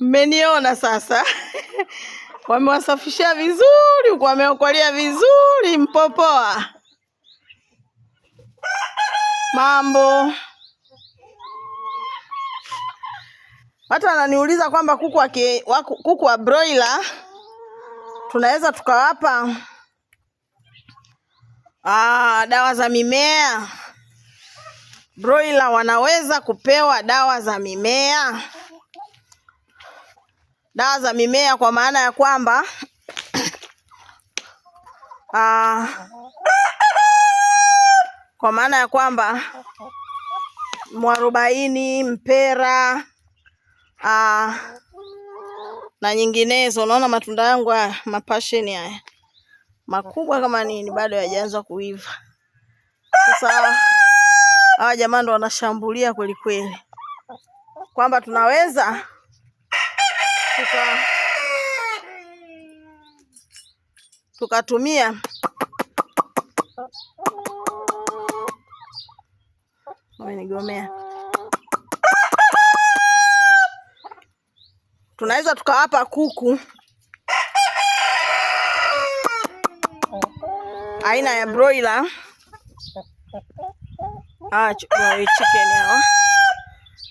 mmeniona sasa wamewasafishia vizuri, wameokolea vizuri, mpopoa mambo. Watu wananiuliza kwamba kuku wa ki, kuku wa broiler tunaweza tukawapa ah, dawa za mimea broila wanaweza kupewa dawa za mimea? Dawa za mimea kwa maana ya kwamba uh, kwa maana ya kwamba mwarobaini, mpera uh, na nyinginezo. Unaona matunda yangu haya mapasheni haya makubwa kama nini, bado hayajaanza kuiva sasa hawa jamaa ndo wanashambulia kweli kweli, kwamba tunaweza tukatumia tuka tunaweza tukawapa kuku aina ya broiler ah, chicken hawa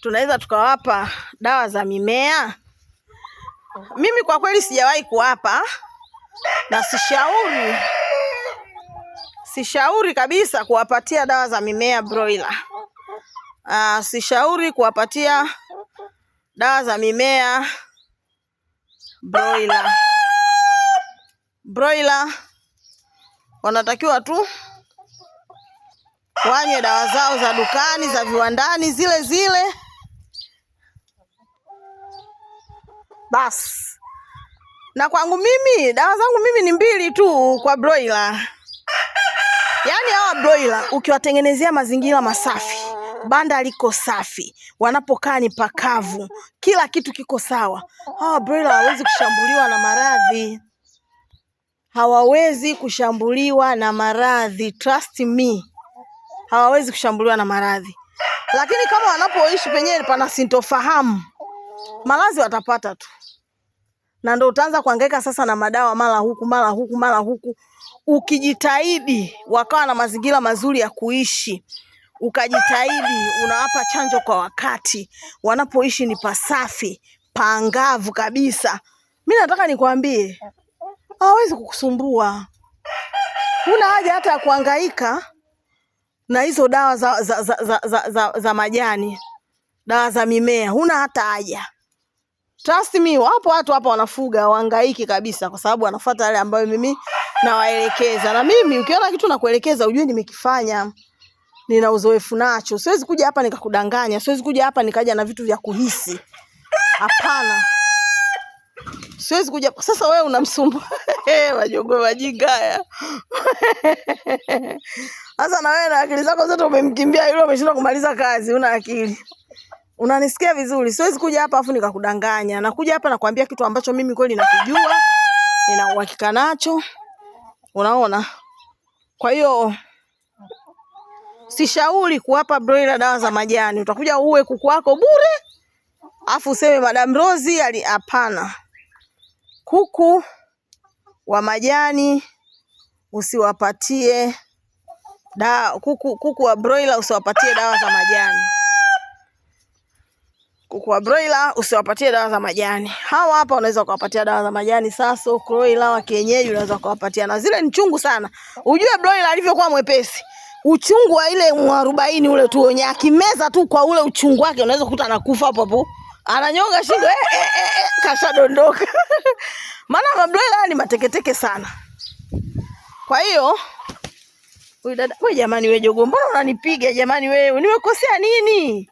tunaweza tukawapa dawa za mimea. Mimi kwa kweli sijawahi kuwapa na sishauri, sishauri kabisa kuwapatia dawa za mimea broiler. Ah, sishauri kuwapatia dawa za mimea broiler. Broiler wanatakiwa tu wanywe dawa zao za dukani za viwandani zile zile. Basi na kwangu mimi dawa zangu mimi ni mbili tu kwa broiler. Yaani hawa broiler ukiwatengenezea mazingira masafi, banda liko safi, wanapokaa ni pakavu, kila kitu kiko sawa, hawa broiler hawawezi kushambuliwa na maradhi hawawezi kushambuliwa na maradhi, trust me hawawezi kushambuliwa na maradhi, lakini kama wanapoishi penyewe pana sintofahamu, maradhi watapata tu, na ndo utaanza kuhangaika sasa na madawa mara huku mara huku mara huku. Ukijitahidi wakawa na mazingira mazuri ya kuishi, ukajitahidi unawapa chanjo kwa wakati, wanapoishi ni pasafi paangavu kabisa. Mi nataka nikwambie, hawawezi kukusumbua, huna haja hata ya kuhangaika na hizo dawa za, za, za, za, za, za, za majani, dawa za mimea, huna hata haja. Trust me, wapo watu hapa wanafuga wahangaiki kabisa, kwa sababu wanafuata yale ambayo mimi nawaelekeza. Na mimi ukiona kitu nakuelekeza, ujue nimekifanya, nina uzoefu nacho. Siwezi kuja hapa nikakudanganya, siwezi kuja hapa nikaja na vitu vya kuhisi. Hapana, siwezi kuja. Sasa wewe unamsumbua majogoo majinga haya Sasa na wewe na akili zako zote umemkimbia yule, umeshindwa kumaliza kazi, una akili. Unanisikia vizuri? Siwezi kuja hapa afu nikakudanganya. Nakuja hapa nakwambia kitu ambacho mimi kweli nakijua, nina uhakika nacho. Unaona? Kwa hiyo sishauri kuwapa broiler dawa za majani. Utakuja uwe kuku wako bure. Afu useme Madam Rose ali, hapana. Kuku wa majani usiwapatie dawa kuku, kuku wa broiler usiwapatie dawa za majani. Kuku wa broiler usiwapatie dawa za majani. Hawa hapa unaweza kuwapatia dawa za majani, sasa broiler wa kienyeji unaweza kuwapatia, na zile ni chungu sana. Ujue broiler alivyokuwa mwepesi uchungu wa ile mwarobaini ule tu wenye akimeza tu kwa ule uchungu wake unaweza kukuta anakufa hapo hapo, ananyonga shingo eh, eh, eh, eh kashadondoka maana mabroila ni mateketeke sana, kwa hiyo Huyu dada wewe, jamani wewe jogo, mbona unanipiga jamani? Wewe nimekosea nini?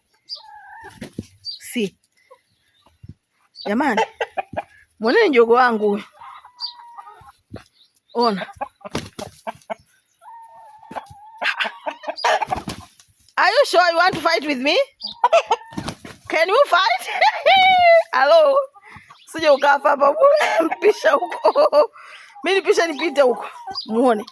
Si jamani, mweneni jogo wangu, ona Are you sure you want to fight with me? Can you fight? Hello. Sije ukafa hapa bure mpisha huko. Mimi nipisha nipite huko. Muone.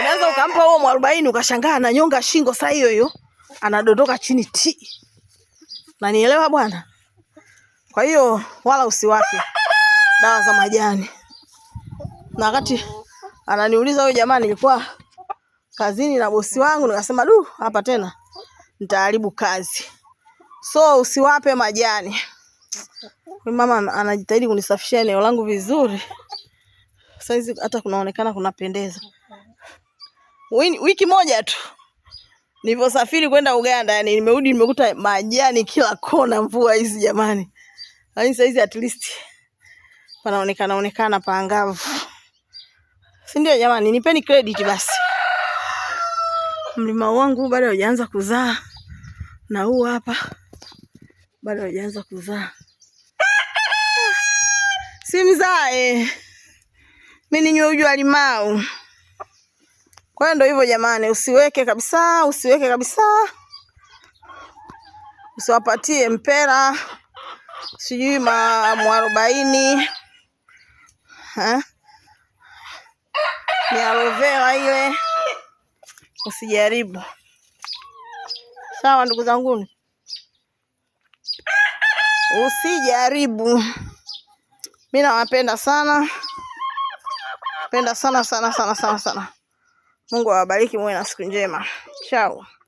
Unaweza ukampa huo mwarobaini ukashangaa ananyonga shingo saa hiyo hiyo anadondoka chini ti. Na bwana. Kwa hiyo wala usiwape dawa za majani. Na wakati ananiuliza huyo jamaa, nilikuwa kazini na bosi wangu, nikasema du, hapa tena nitaharibu kazi. So usiwape majani. Huyu mama anajitahidi kunisafishia eneo langu vizuri. Saizi hata kunaonekana kunapendeza wiki moja tu nilivyosafiri kwenda Uganda, yani nimerudi nimekuta majani kila kona, mvua hizi jamani. Lakini saizi at least panaonekana onekana paangavu, si ndio? Jamani, nipeni credit basi. Mlima wangu bado haujaanza kuzaa, na huu hapa bado haujaanza kuzaa. Si mzae, mi ninywe uji wa limau. Kwa hiyo ndio hivyo jamani, usiweke kabisa, usiweke kabisa, usiwapatie mpera, sijui mwarobaini ni alovera ile, usijaribu. Sawa ndugu zanguni, usijaribu. Mi nawapenda sana, penda sana sana sana sana sana. Mungu awabariki, muwe na siku njema. Chao.